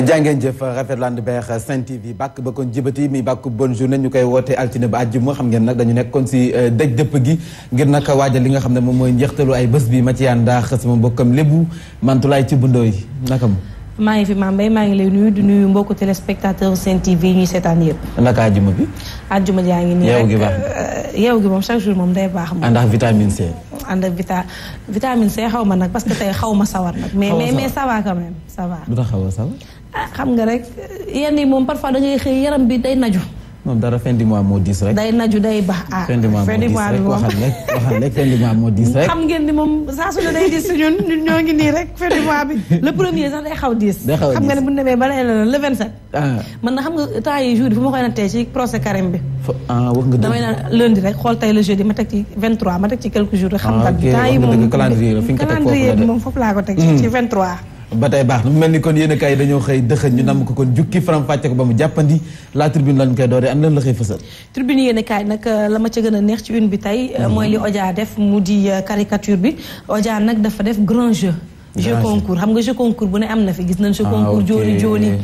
jàngeen jëf rafet land beex Sen TV bàkk ba kon jibati mi bàkk bonne journée ñu koy woote altine ba àjjuma xam ngeen nag dañu nekk kon si euh, dëj dëpp gi ngir nag waajal li nga xam ne moom mooy njeextalu ay bés bi ma maa ngi fi Mame Mbaye maa ngi lay nuyu di nuyu mbokku téléspectateur Sen TV ñuy seetaan yëpp. naka àjjuma bi. àjjuma jaa ngi nii rek yeew gi baax euh, yeew gi moom chaque jour moom day baax. moom ànd ak C. ànd ak C xaw ma nag parce que tey xaw ma sawar nag. mais mais mais ça va sawar. ah xam nga rek yenn yi moom parfois da ngay xëy yaram bi day naju. moom dara fin du mois moo diis rek. naju day baax ah. fin du mois moo xam ngeen ni moom saa su ne day diis si ñun ñun ñoo ngi nii rek fin mois bi le premier sax day xaw diis. xam nga ne bu ñu demee ba leneen le 27. Ah. man na xam nga temps yi jour bi fu ma koy nattee ci procès carême bi. Ah, damay naan lundi rek xool tey le jeudi ma teg ci 23 ma teg ci quelques jours. rek xam ah, nga temps yi moom calendrier bi moom foofu laa ko ba tey baax na mu mel ni kon yéen a kaay dañoo xëy dëxëñ ñu namm ko kon jukki faram ko ba mu jàppandi la tribune lan koy dooree am lan la xëy fësal tribune yéen a kaay nag la ma gën a neex ci une bi tey mhm. mooy li Odia def mu di euh, caricature bi Odia nag dafa def grand jeu jeu concours xam nga jeu concours bu ne am na fi gis na jeu ah, concours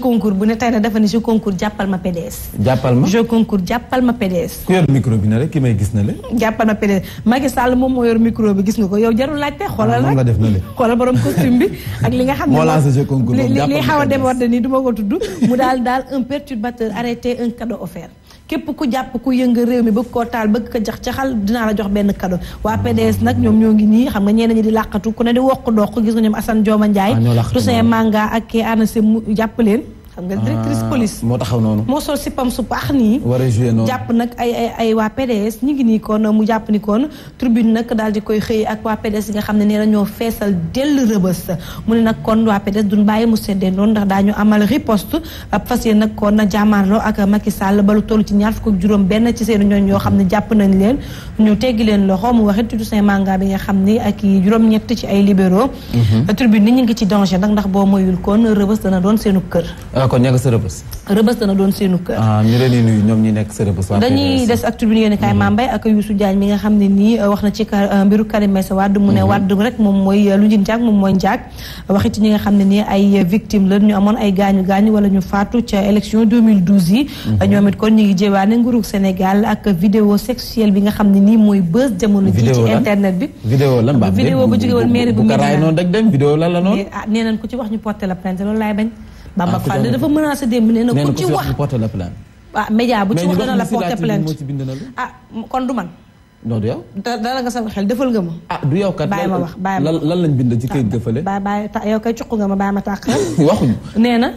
concours bu ne tey na dafa ne jeu concours jàppal ma PDS jàppal ma jeu concours jàppal ma PDS ku yor micro bi na rek ki may gis na le jàppal ma PDS Macky Sall moom moo yor micro bi gis nga ko yow jarul laajte ah, xoolal rek def na le xoolal borom costume bi ak li nga xam ne li xaw a déborde nii du ma ko tudd mu daal daal un perturbateur arrêté un cadeau offert képp ku jàpp ku yënga réew mi bëgg ko taal bëgg ko jax caxal dinaa la jox benn kado waa PDS nag ñoom ñoo ngi nii xam nga ñeneen ñi di làqatu ku ne di wokk dox gis nga ñoom Assane Dioma Ndiaye ah, Toussaint Manga ak Anacim jàpp leen xam nga directrice ah, police. moo taxaw noonu. moo sol sipam su baax nii. war a joué jàpp nag ay waa PDS ñu ngi nii kon mu jàpp ni kon tribune nag daal di koy xëy ak waa PDS yi nga xam ne nee na feesal dell rëbës mu ne nag kon waa PDS duñ bàyyi mu seddee noonu ndax daa ñu amal riposte fas yéene nag kon jàmmaarloo ak Macky Sall ba lu toll ci ñaar fukk ak juróom benn ci seen ñooñ yoo xam ne jàpp nañ leen ñu teggi leen loxo mu waxit du seen manga bi nga xam ne ak juróom-ñett ci ay libéraux. Mhm. ngi ci danger nag ndax boo moyul kon rëbës dana doon seenu kër ah, waaw kon ña nga sa rëbës. rëbës dana doon seenu kër. Ah, ñu leen di ñoom ñi nekk sa rëbës. dañuy des ak tribune yéen kaay mm-hmm. ak Youssou Diagne mi nga xam ne nii euh, wax na euh, mm-hmm. moom mooy euh, lu njin jaag moom njaag waxi ñi nga xam ne nii ay victime la ñu amoon ay gaañu wala ñu faatu ca élection 2012 yi mm-hmm. ñoom it kon ñu ngi bi nga xam ne nii mooy buzz jamono ji ci internet bi vidéo lan la noonu eh, ah ko ci wax ñu porté la plainte loolu laay bañ Bamba ah, Fall dafa menacé démb nee na ku ci wax ah média bu ci wax dana la porter plainte ah kon du man non yow. dara nga sama xel defal nga ma. ah du yow kat bàyyi ma wax bàyyi ma lan lañ bind ci kayit gëfale. bàyyi bàyyi ta yow nga ma bàyyi ma tàq. waxuñu. nee na.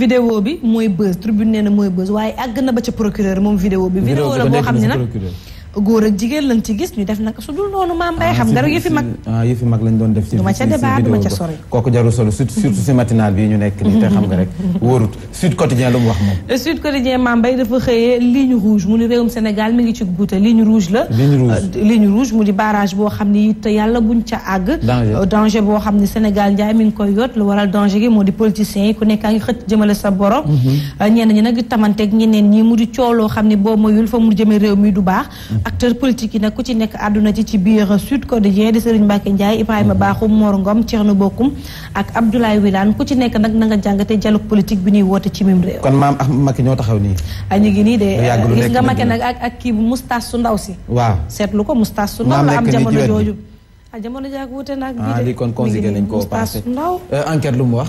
vidéo bi mooy buzz tribune nee na mooy buzz waaye àgg na ba ca procureur moom vidéo bi. vidéo la boo xam ne nag. góor ak jigéen lañ ci gis ñu def naka su dul noonu maam Mbaye ah, xam nga rek yëfi mag ah yëfi mag lañ doon def ci duma ca débat kooku jarul solo surtout si matinal bi ñu nekk nii te xam nga rek wóorut Sud Quotidien lu mu wax moom Sud Quotidien maam Mbaye dafa xëyee ligne rouge mu mi ngi ci guute ligne rouge la ligne euh, mu di barrage boo xam ni it yàlla buñ ca àgg danger euh, boo xam ni Sénégal njaay mi ngi koy yot lu waral danger gi moo di politiciens yi ku nekkaa ngi xëcc jëmale sa borom mm-hmm. euh, ñenn ñi nag tamanteeg ñeneen ñi mu di cooloo xam ni boo moyul fa mu jëmee réew mi du baax mm-hmm. acteur politique yi nag ku ci nekk àdduna ci ci biir Sud Quotidien di Serigne Mbacke Ndiaye Ibrahima mhm. Bakhoum Mor Ngom Thierno Bokum ak Abdoulaye Wilane ku ci nekk nag na nga jàngatee dialogue politique bi ñuy woote ci mim réew. kon maam Ahmed Macky ñoo taxaw nii. Ah, a ñu de gis nga Macky nag ak kii bu moustache su ndaw si. waaw seetlu ko moustache su ndaw la am jamono jooju. ah jamono jaag wute nag. ah lii kon conjugué nañ ko passé euh, enquête lu mu wax.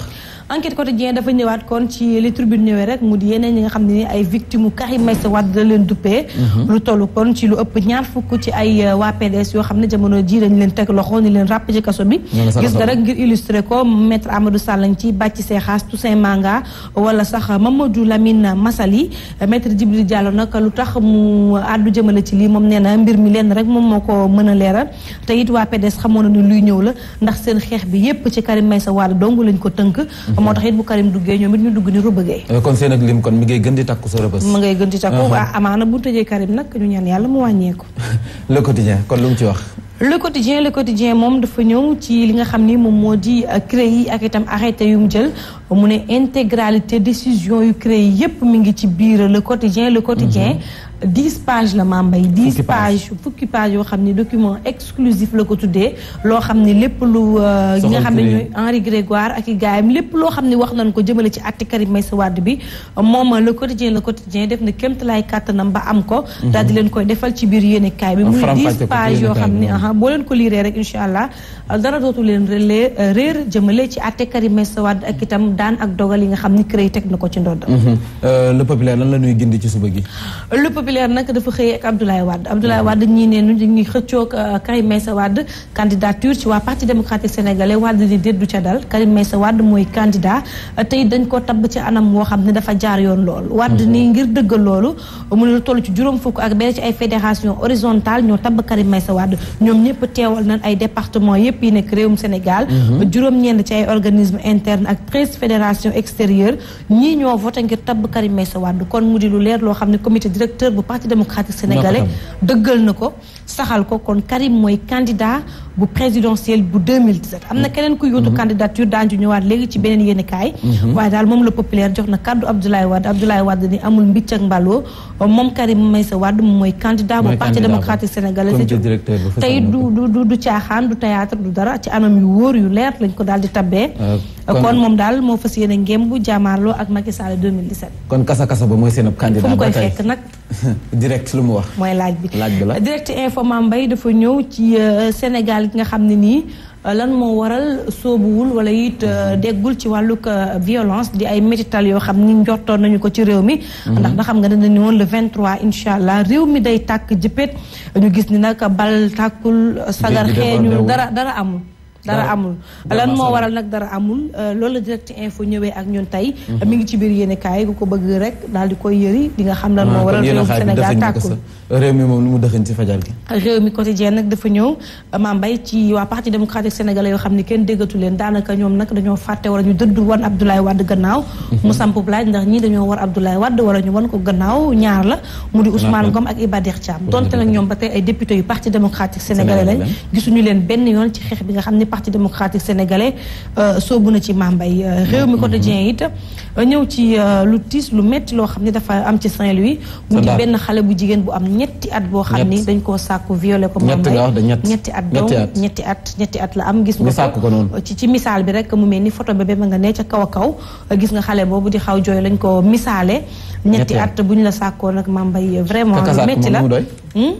enquête quotidien dafa ñëwaat kon ci li tribune ñëwee rek mu di yeneen ñi nga xam ne ay victime Karim may sa la leen duppee mhm. lu toll kon ci lu ëpp ñaar fukk ci ay euh, waa PDS yoo xam ne jamono ji dañ leen teg loxo ni leen ràpp ci kaso bi gis nga rek ngir illustrer ko maître Amadou Sall ci bàcc seexaas Toussaint Manga wala sax Mamadou Lamine Massaly maître Djibril Diallo nag lu tax mu àddu jëmale ci lii moom nee na mbir mi lenn rek moom moo ko mën a leeral te it waa PDS xamoon na luy ñëw la ndax seen xeex bi yépp ci Karim Meïssa Wade dong lañ ko tënk mhm. moo tax it bu Karim duggee ñoom it ñu dugg ni rëbëgee eh, kon seen ak lim kon mi ngay gën di takku sa rëbës mi ngay gën di takku uh-huh. ah, amaana bu tëjee Karim nag ñu ñaan yàlla mu wàññeeku le quotidien kon lu mu ci wax le quotidien le quotidien moom dafa ñëw ci li nga xam ni moom moo di uh, CREI yi ak itam arrêté yu mu jël mu ne intégralité décision yu CREI yi yépp mu ngi ci biir le quotidien le quotidien mm-hmm. dix pages la Mame Mbaye dix pages fukki page yoo xam ni document exclusif la ko tuddee loo xam ni lépp lu euh, ñi nga xam ne ñooy Henri Grégoire ak i gaayam lépp loo xam ne wax nañ ko jëmale ci atti Karim Meïssa Wade bi moom le quotidien le quotidien def na kémtalaay kàttanam ba am ko mhm. daal di leen koy defal ci biir yéene kaay bi muy dix pages yoo xam ni aha boo leen ko liiree rek incha allah dara dootu leen réer jëmale ci atte Karim Meïssa Wade ak itam daan ak dogal yi nga xam ni CREI teg na ko ci ndodd mhm. euh, le populaire lan la ñuy gindi ci suba gi populaire nak eh, dafa xey ak Abdoulaye Wade Abdoulaye Wade ñi ne ñu ngi xëccoog Karim Meïssa Wade candidature ci wa parti démocratique sénégalais Wade di déet ci dal Karim Meïssa Wade moy candidat tay dañ ko tab ci anam woo xam dafa jaar yoon lool Wade ni hmm. ngir dëgg loolu mu ñu tollu ci juroom fukk ak benn ci ay fédération horizontale ñoo tab Karim Meïssa Wade ñom ñepp teewal nañ ay département yépp yi nek réewum Sénégal hmm. eh, juroom ñen ci ay organisme interne ak 13 fédération extérieure ñi ñoo voté ngir tab Karim Meïssa Wade kon mu di lu leer lo xam comité directeur bu parti démocratique sénégalais dëggal na ko saxal ko kon Karim mooy candidat bu présidentiel bu am na keneen ku yóotu mhm. candidature daan ju ñëwaat léegi ci beneen yéeni kaay mhm. waaye daal moom la populaire jox na kàddu Abdoulaye Wade Abdoulaye Wade ni amul mbicc ak mbàlloo moom Karim Meïssa Wade mooy candidat bu parti démocratique sénégalais tey du du du caaxaan du théâtre du dara ci anam yu wóor yu leer lañ ko daal di tabbee euh, kon moom daal moo fas yéene ngéem bu jaamaarloo ak Macky Sall 2017 kon kasa kasa ba mooy seen ab candidat fu mu wax mooy laaj bi la ko Mame Mbaye dafa ñëw ci euh, Sénégal gi nga xam ne nii euh, lan moo waral soobuwul wala it euh, mhm. déggul ci wàllug violence di ay métital yoo xam ni njortoon nañu ko ci réew mi. Mhm. ndax na xam nga dañu ne woon le 23 incha allah réew mi day tàkk jëppét ñu gis ni nag bal tàkkul sagar xeeñu dara dara amul. dara amul lan moo waral nag dara amul euh, loolu la direct info ñëwee ak ñun tey mhm. mi ngi ci biir yéene kaay ku ko bëgg rek daal di koy yëri di nga xam lan moo ah, waral réew Sénégal tàkkul réew mi moom lu mu dëxëñ ci fajar gi réew mi quotidien nag dafa ñëw Mame Mbaye ci waa parti démocratique sénégalais yoo xam ne kenn déggatu leen daanaka ñoom nag dañoo fàtte wala ñu dëdd wan Abdoulaye Wade gannaaw mu samp laaj ndax ñii dañoo war Abdoulaye Wade wala ñu wan ko gannaaw ñaar la mu di Ousmane Ngom ak xam parti démocratique sénégalais euh, soobu na ci mambay euh, mm-hmm. réew mi quotidien it euh, ñëw ci lu tiis lu métti loo xam ne dafa am ci Saint-Louis mu di benn xale bu jigéen bu am ñetti at boo xam ni dañ koo sàkku violé ko mambay ñetti at donc ñetti at ñetti at la am gis nga ko ci ci misaal bi rek mu mel ni photo ba ba nga ne ca kaw a kaw gis nga xale boobu di xaw jooy lañ ko misaale ñetti at bu ñu la sàkkoo nag mambay vraiment lu métti la hmm?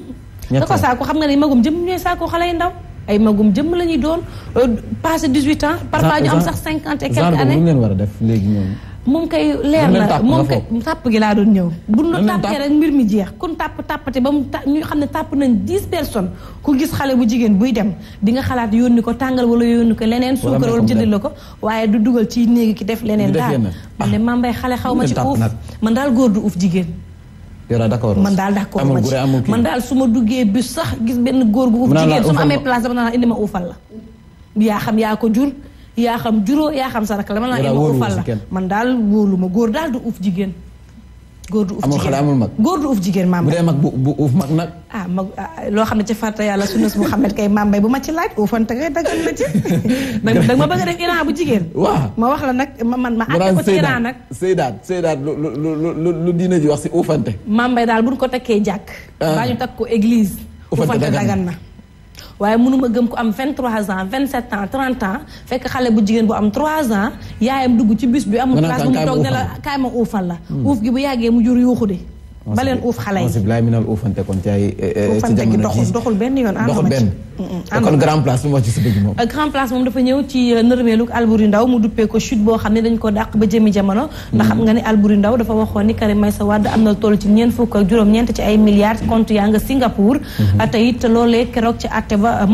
ka ko sàkku xam nga ne magum jëm ñooy sàkku xale yu ndaw ay magum jëmm la ñuy doon euh, passé 18 ans. parfois ñu am sax 50 et quelques années war a def léegi ñoom. moom kay leer na moom kay tàpp gi laa doon ñëw bu buñ la tàppee rek mbir mi jeex kon tàpp tàppate ba mu ñu xam ne tàpp nañ dix personnes ku gis xale bu jigéen buy dem di nga xalaat yónni ko tàngal wala yónni ko leneen suukar wala jëndil la ko waaye du dugal ci néegi ki def leneen daal man ne ah. maa mbay xale xaw ma ci uuf man daal góor du uuf jigéen yora d'accord man daal d'accord ma ci man daal su ma duggee bus sax gis benn góor gu uf jigéen su ma amee place dama naan indi ma uufal la yaa xam yaa ko jur yaa xam juróo yaa xam sarak la ma naan indi ma uufal la man daal wóolu góor daal du uuf jigéen góor du uuf amul xale amul mag góor du jigéen maam bu dee bu bu uuf mag nag. ah, ah loo xam ne ci farta yàlla sunna su Muhammad kay maam bay bu ma ci laaj uufante ngay dagal na ci. da ma bëgg a def Iran bu jigéen. waaw ma wax la nag ma man ma. àtte ko ci Iran nag Seydaat Seydaat lu lu lu diina ji wax si uufante. maam bay daal bu nu ko takkee jàkk. Ah. baa ñu takk ko église. uufante dagan waaye mënuma gëm ku am 23 ans 27 ans 30 ans fekk xale bu jigéen bu am 3 ans yaayam dugg ci bis bi amul place bu mu toog ne la kaay ma uufal la hmm. uuf gi bu yàggee mu jur yuuxu de ba leen uuf xale yi mosu bilaay mi naan uufante kon ci ay. Eh, eh, uufante gi doxul benn yoon. doxul benn eh, kon grand place euh, euh, boo xam ne dañ ko dàq ba jëmi jamono. ndax xam mm-hmm. nga ne Alboury Ndaw ni Karim Meïssa Wade am na toll ci ñeent fukk ak juróom-ñeent ci ay milliards compte yaa nga Singapour. Mm-hmm. Euh, te it loolee keroog ci àtte ba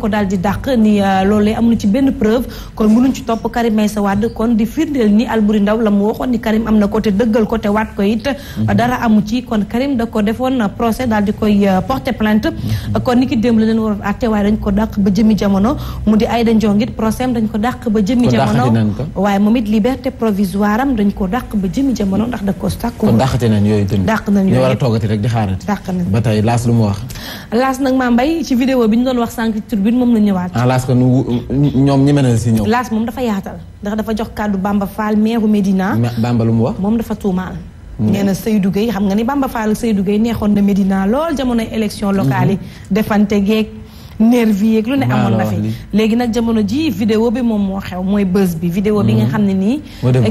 ko daal di dàq ni loolee amuñu ci benn preuve kon mënuñ ci topp Karim Meïssa Wade kon di firndeel ni Alboury Ndaw la mu waxoon ni Karim am na ko te dëggal ko te waat ko it Mm-hmm. dara amu ci kon Karim da ko defoon procès daal di koy euh, porter plainte mm-hmm. kon ni démb la leen waroon àtte waaye dañ ko dàq ba jëmi jamono mu di Aïda Ndiongue it procès dañ ko dàq ba jëmi jamono waaye moom it liberté provisoire am dañ ndax da ko sàkku kon dàqate nañ yooyu tamit dàq nañ yooyu war a toogati rek di xaarati ba tey laas lu mu wax laas nag maa mbay ci vidéo bi ñu doon wax sànq ci moom la ñëwaat ah, laas ko ñoom ñi mën a si ñëw laas moom dafa yaatal ndax dafa jox kàddu Bamba Fall nee na Seydou Gueye xam nga ni Bamba Fall ak neexoon na Médina lool jamonoy élection locale yi mm-hmm. defante geeg nervi yeeg lu ne amoon na fi léegi nag jamono ji vidéo bi moom moo xew mooy bës bi vidéo bi nga mm-hmm. xam ne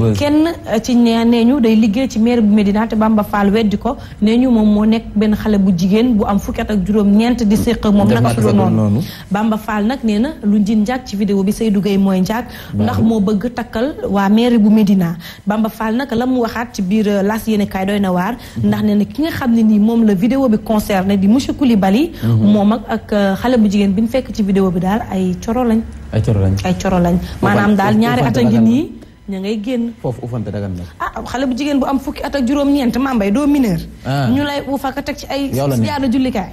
nii kenn eh, ci nee nee ñu day liggéey ci maire bu Médina te Bamba Fall weddi ko nee ñu moom moo nekk benn xale bu jigéen bu am fukki ak juróom ñeent di séq moom naka su dul noonu Bamba nag nee na lu njin njaag ci vidéo bi Seydou Gueye mooy njaag ndax moo bëgg takkal waa maire bu Médina Bamba Fall nag la mu waxaat ci biir eh, las yéene kaay doy na waar mm-hmm. ndax nee na ki nga xam ne nii moom la vidéo bi concerné di monsieur Koulibaly mm-hmm. moom ak ak eh, jigéen bi ñu fekk ci vidéo bi daal ay coro lañ. ay coro lañ ay coro lañ. maanaam daal ñaari at a ngi nii ña ngay génn. foofu ufante dagan na. ah xale bu jigéen bu am fukki at ak juróom-ñeent maa mbay doo mineur. Ah. ñu lay ufa ka teg ci ay. yow la jullikaay.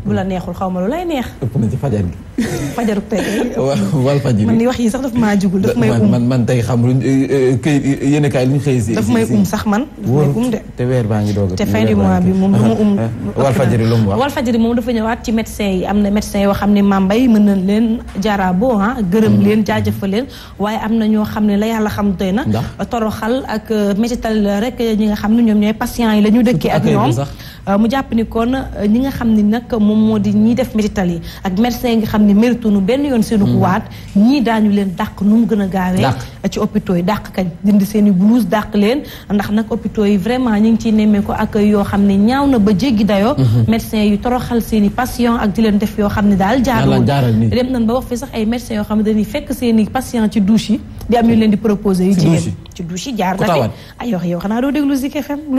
bulan ya, la neexul xaw ma lu lay ya. neex. ëpp na ci fajar gi. fajaru tey. wal fajar man li wax yi sax dafa maa jugul daf may um man man tey xam luñ këy yéen kaay luñ xëy daf may um sax man may um de. te weer baa ngi te fin du mois bi moom du um. wal fajar lu mu wax wal fajar dafa ñëwaat ci médecin yi na médecin yoo xam ne mambay mën hmm. na leen leen leen ñoo eh, la xam doy na. ak rek eh, ñi nga xam ne ñoom patient yi la ñu ak ñoom eh, mu ni kon ñi nga moom moo di ñiy def médital yi ak médecin yi nga xam ne méritunu benn yoon seenu ko mm. ñii daañu leen dàq nu mu gën a gaawee ci hôpitaux yi dàq kañ dindi seen i blouse leen ndax nag hôpitaux yi vraiment ñu ngi ciy nemmee ko yoo xam ne ñaaw na ba jéggi dayoo mm-hmm. médecin yu toroxal seen i patient ak di leen def yoo xam ne daal jaarul dem nañ ba wax fi sax ay médecin yoo xam ne dañuy fekk seen i patient ci douche yi di yi jaar na fi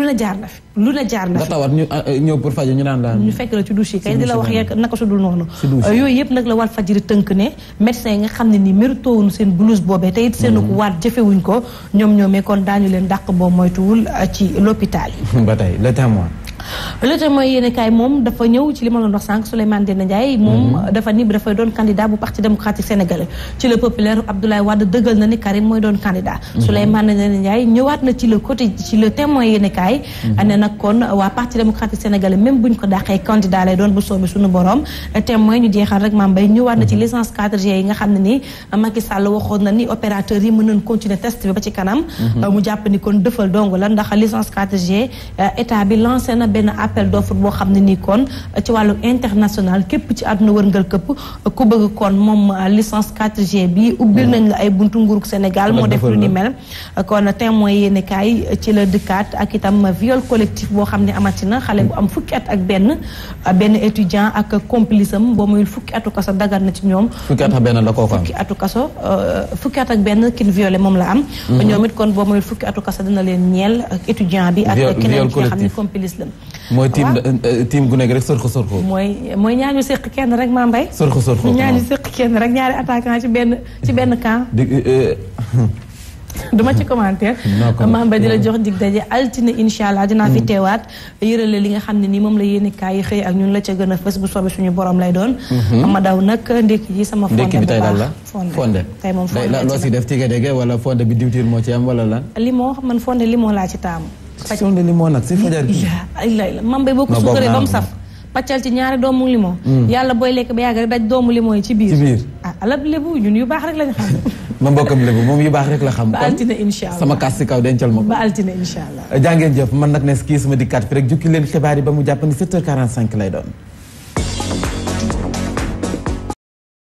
na jaar na fi lu na na fi ah, nga fekk la ci douche kay di la wax yeeg naka su noonu yooyu yëpp nag la Walf Fadjri tënk ne médecin nga xam ne ni mérito wuñu seen blouse boobee te it seenu ko mm-hmm. waat jëfewuñ ko ñoom ñoomee kon daañu leen dàq boo moytuwul euh, ci l'hôpital yi ba tey le témoin le témoin yéen kaay moom dafa ñëw ci li ma doon wax sànq Souleymane moom mhm. dafa ni dafay doon candidat bu parti démocratique sénégalais ci le populaire Abdoulaye Wade dëggal na ni Karim mooy doon candidat mhm. Souleymane Ndéné Ndiaye ñëwaat na ci le côté ci le témoin yéen mhm. ne nag kon waa parti démocratique sénégalais même buñ ko dàqee candidat lay doon bu soobee suñu borom témoin ñu jeexal rek maam bay ñëwaat na ci licence 4G yi nga la un appel d'offre bo Nikon, tu kon ci international képp ci wërngal a ku bëgg kon mom euh, licence 4G bi ubbil nañ la Sénégal mo def lu ni mel kon témoin kay ci ak viol collectif bo xamné bu am fukki euh, étudiant ak complice fukki atu mooy tiim euh, tiim gu nekk rek sorko sorko. mooy mooy ñaañu séq kenn rek maa mbay. sorko sorko ñaañu séq kenn rek ñaari attaquant benn ci benn camp. Euh, euh. duma ci commentaire maam ba di la jox dig daje altine incha allah fi hmm. teewaat yërale li nga xam ne nii moom la yéene kaay yi xëy ak ñun la ca gën a fës bu soobee suñu borom lay doon hmm. ma daw nag ndékki ji sama ndékki bi tey fonde tey moom fonde loo si def tige dege wala fonde bi diwtiir moo ci am wala lan limon man fonde limon laa ci taamu confection de limon nag si fajar gi. aylaayla mam bay boo ko suukaree ba mu saf. paccal ci ñaari doomu limon. Mm. yàlla booy lekk ba yàgg rek daj doomu limon yi ci biir. ci biir ah alab lebu ñun yu baax rek lañ xam. ma mbokkam lébu moom yu baax rek la xam. ba altine incha allah sama kaas si kaw dencal ma ko. ba jàngeen jëf man nag ne kii sama dikkaat fi rek jukki leen xibaar yi ba mu jàpp ni 7 cinq 45 lay doon.